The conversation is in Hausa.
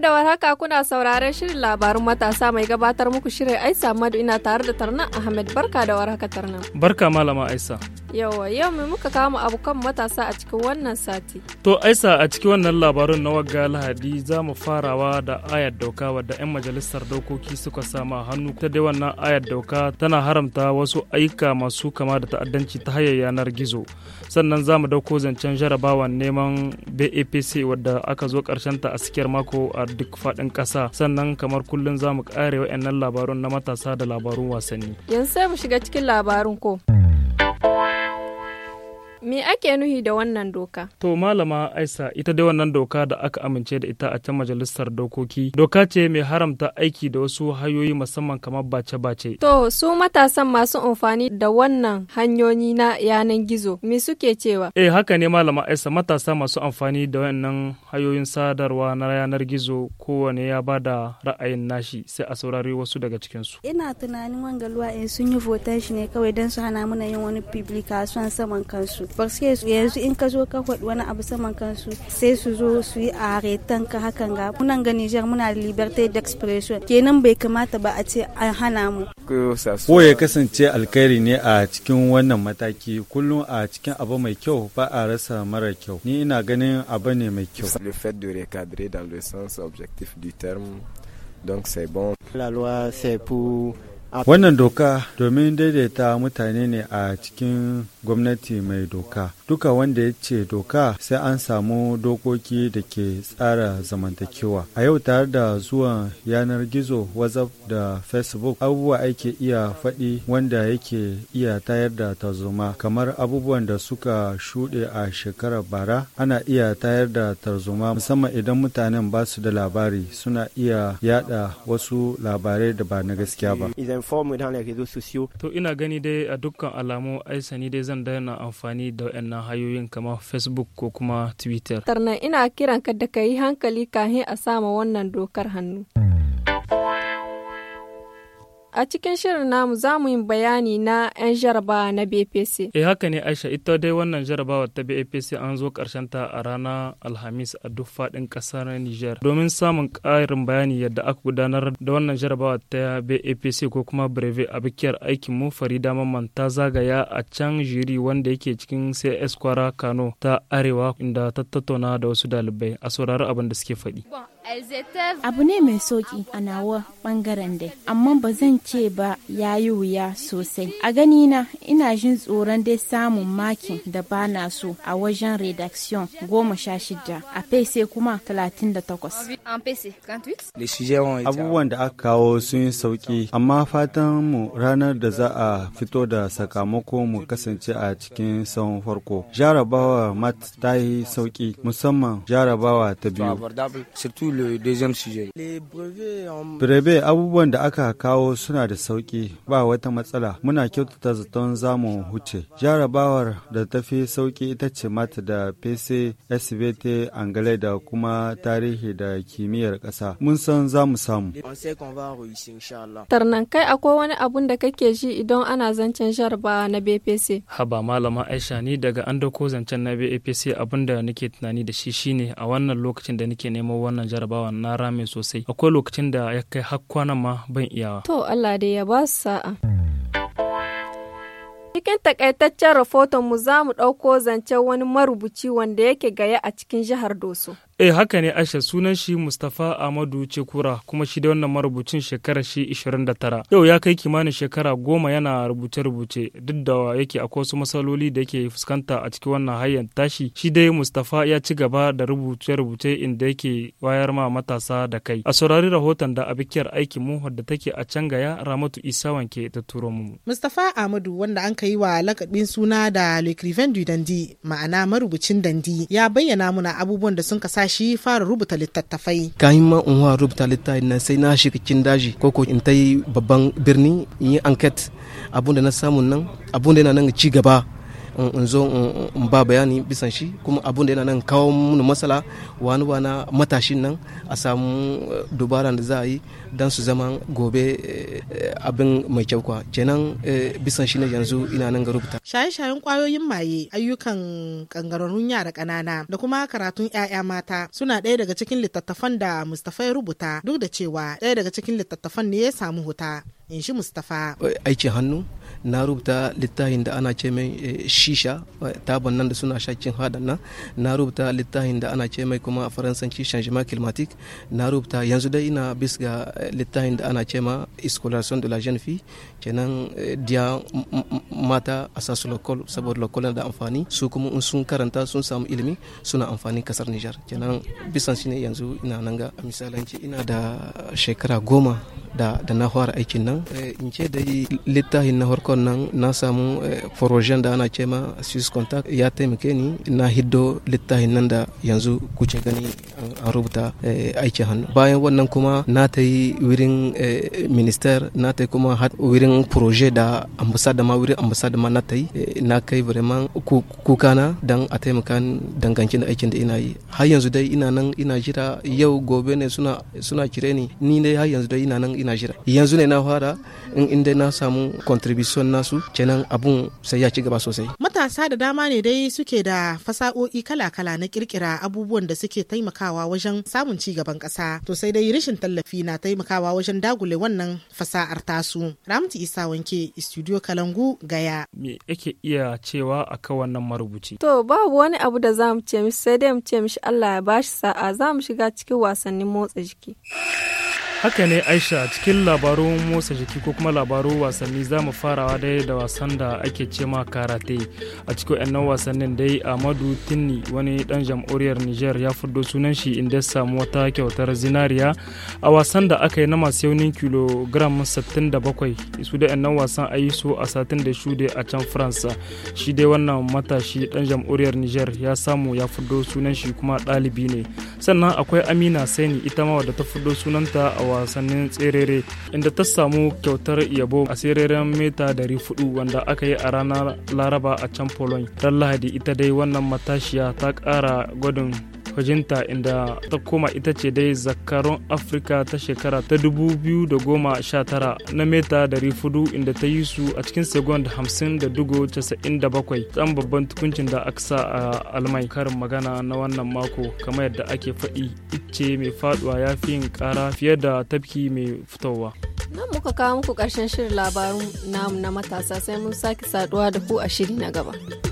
da warhaka kuna sauraron shirin labarun matasa mai gabatar muku shirin Aisa Madu ina tare da Tarnan Ahmed barka da warhaka Tarnan. Barka malama Aisa. Yawa yau mai muka kama abokan matasa a cikin wannan sati. To Aisa a cikin wannan labarin na wagga Lahadi za mu farawa da ayar doka wadda 'yan majalisar dokoki suka sama hannu ta dai wannan ayar doka tana haramta wasu aika masu kama da ta'addanci ta hanyar yanar gizo. Sannan za mu dauko zancen jarabawan neman BAPC wadda aka zo karshen ta a sikiyar mako a duk faɗin ƙasa. Sannan kamar kullum za mu ƙare wa'annan labarun na matasa da labarun wasanni. Yanzu sai mu shiga cikin labarun ko. Me ake nuhi da wannan doka? To malama Aisa ita dai wannan doka da aka amince da ita a can majalisar dokoki. Doka ce mai haramta aiki da wasu hanyoyi musamman kamar bace-bace. To su matasan masu amfani da wannan hanyoyi na yanan gizo me suke cewa? Eh haka ne malama Aisa matasa masu amfani da wannan hanyoyin sadarwa na yanar gizo kowane ya ba da ra'ayin nashi sai a saurari wasu daga cikin su. Ina tunanin wanga luwa sun yi votan shi ne kawai don su hana mana yin wani publication saman kansu. parce que yanzu in ka zo ka faɗi wani abu saman kansu sai su zo su yi aretan ka hakan ga munan ga Niger muna da liberté d'expression kenan bai kamata ba a ce an hana mu ko ya kasance alkhairi ne a cikin wannan mataki kullum a cikin abu mai kyau ba a rasa mara kyau ni ina ganin abu ne mai kyau le fait de recadrer dans le sens objectif du terme donc c'est bon la loi c'est pour Wannan doka domin daidaita mutane ne a cikin gwamnati mai doka. duka wanda ya ce doka sai an samu dokoki da ke tsara zamantakewa a yau tare da zuwan yanar gizo whatsapp da facebook abubuwa ake iya faɗi wanda yake iya tayar da tarzoma kamar abubuwan da suka shuɗe a shekarar bara ana iya tayar da tarzoma musamman idan mutanen ba su da labari suna iya yada wasu labarai da ba na gaskiya ba to ina gani dai a dukkan alamu ai sani dai zan daina amfani da wayannan waɗannan hayoyin kamar facebook ko kuma twitter tarnan ina kiran ka da ka yi hankali kahin a sama wannan dokar hannu A cikin shirin namu za mu yi bayani na 'yan jaraba na BPC. Eh haka ne Aisha ita dai wannan jarabawa ta BPC an zo ta a ranar Alhamis a duk faɗin ƙasar niger Domin samun karin bayani yadda aka gudanar da wannan jarabawa ta BPC ko kuma Breve a bikiyar aikin mu Farida Mamman ta zagaya a can jiri wanda yake cikin CS Kwara Kano ta Arewa inda ta tattauna da wasu dalibai a saurari abin da suke faɗi. Abu ne mai soki a nawa bangaren dai, amma ba zan ce ba ya yi wuya sosai. A ganina ina jin tsoron dai samun makin da ba na so a wajen redaction goma sha shida a PC kuma talatin da takwas. Abubuwan da aka kawo sun yi sauki, amma fatan mu ranar da za a fito da sakamako mu kasance a cikin sahun farko. Jarabawa mat ta yi sauki, musamman jarabawa ta biyu. Brevet abubuwan da aka kawo suna da sauki ba wata matsala muna kyautata zaton zamu huce. Jarabawar da ta fi sauƙi ita ce mata da PC, SVT, Angale da kuma tarihi da kimiyyar ƙasa. Mun san za samu. Tarnan kai akwai wani abun da kake ji idan ana zancen jarabawa na BPC. Haba malama Aisha ni daga an dako zancen na BPC abun da nake tunani da shi shine a wannan lokacin da nake neman wannan jarabawa. jarabawa na rame sosai akwai lokacin da ya kai har kwana ma ban iyawa to Allah dai ya ba sa'a Cikin takaitaccen rahoton mu za mu ɗauko zancen wani marubuci wanda yake gaya a cikin jihar Doso. eh haka ne aisha sunan shi mustapha amadu cekura kuma shi da wannan marubucin shekara shi 29 yau ya kai kimanin shekara goma yana rubuce-rubuce duk da yake akwai wasu matsaloli da yake fuskanta a cikin wannan hanyar tashi shi dai mustafa ya ci gaba da rubuce-rubuce inda yake wayar ma matasa da kai a saurari rahoton da abikiyar aikin mu wadda take a can gaya ramatu isa wanke ta turo mu mustafa amadu wanda an yi wa lakabin suna da lecrivain dandi ma'ana marubucin dandi ya bayyana muna abubuwan da sun kasa shi fara rubuta littattafai kayan ma in rubuta littattafai na sai na shiga cikin daji ko ko in ta yi babban birni in yi enquete abun da na samu nan abun da yana nan ci gaba in zo in ba bayani bisan shi kuma abun da yana nan kawo mun matsala wani wana matashin nan a samu eh, dubara da za a yi don su zama gobe eh, abin mai kyau kwa kenan eh, bisan shi ne yanzu ina nan ga rubuta shaye-shayen kwayoyin maye ayyukan kangararrun yara ƙanana da kuma karatun 'ya'ya mata suna ɗaya daga cikin littattafan da mustafa ya rubuta duk da cewa ɗaya daga cikin littattafan ne ya samu huta in shi mustafa. aikin hannu na rubuta littafin da ana ce mai eh, shisha eh, taban nan da suna shakin hadan nan na rubuta littafin da ana ce mai kuma a faransanci changement climatique na rubuta yanzu dai ina bisga eh, littafin da ana ce ma escolation de la jeune fille kenan dia mata a sasu lokol saboda lokol da amfani su kuma in sun karanta sun samu ilimi suna amfani kasar Nijar kenan bisan shine yanzu ina nan ga misalanci ina da shekara goma da, da na fara aikin nan eh, in ce dai littafin na farkon nan na samu eh, forojen da ana ce ma swiss contact ya taimake ni na hiddo littafin nan da yanzu kuce gani an rubuta eh, aikin hannu bayan wannan kuma na ta yi wurin minister na ta kuma wurin proje da ambasada ma wurin ambasada ma na ta yi na kai vraiment kukana dan a taimaka danganci da aikin da ina yi har yanzu dai ina nan ina jira yau gobe ne suna suna kire ni ni dai har yanzu dai ina nan ina jira yanzu ne na fara in inda na samu contribution nasu kenan abun sai ya ci gaba sosai matasa da dama ne dai suke da fasa'o'i kala-kala na kirkira abubuwan da suke taimakawa wajen samun ci gaban kasa to sai dai rashin tallafi na taimakawa wajen dagule wannan fasa'ar tasu ramti isa wanke studio kalangu gaya me yake iya cewa akan wannan marubuci to babu wani abu da za mu ce mishi sai dai mu ce mishi Allah ya bashi sa'a za mu shiga cikin wasannin motsa jiki haka ne aisha cikin labarun motsa jiki ko kuma labarun wasanni za mu farawa dai da wasan da ake ce ma karate a cikin yannan wasannin dai amadu tinni wani dan jam'uriyar niger ya fuddo sunan shi inda ya samu wata kyautar zinariya a wasan da aka yi na masu yaunin kilogram 67 su da nan wasan a yi su a satin da shude a can faransa shi dai wannan matashi dan jam'uriyar niger ya samu ya fuddo sunan shi kuma ɗalibi ne sannan akwai amina saini ita ma wadda ta fuddo sunanta a wasannin tserere inda ta samu kyautar yabo a tsereren mita 400 wanda aka yi a ranar laraba a can Poland. Ran Lahadi ita dai wannan matashiya ta kara gwadin fajinta inda ta koma ita ce dai zakarun afirka ta shekara ta 2019 na meta 400 inda ta yi su a cikin da 50.97 dan babban tukuncin da aka sa a almai karin magana na wannan mako kamar yadda ake faɗi ice mai faduwa ya fi yin kara fiye da tafki mai fitowa nan muka kawo muku karshen shirin labarun namu na matasa sai mun sake saduwa da ku a shiri na gaba.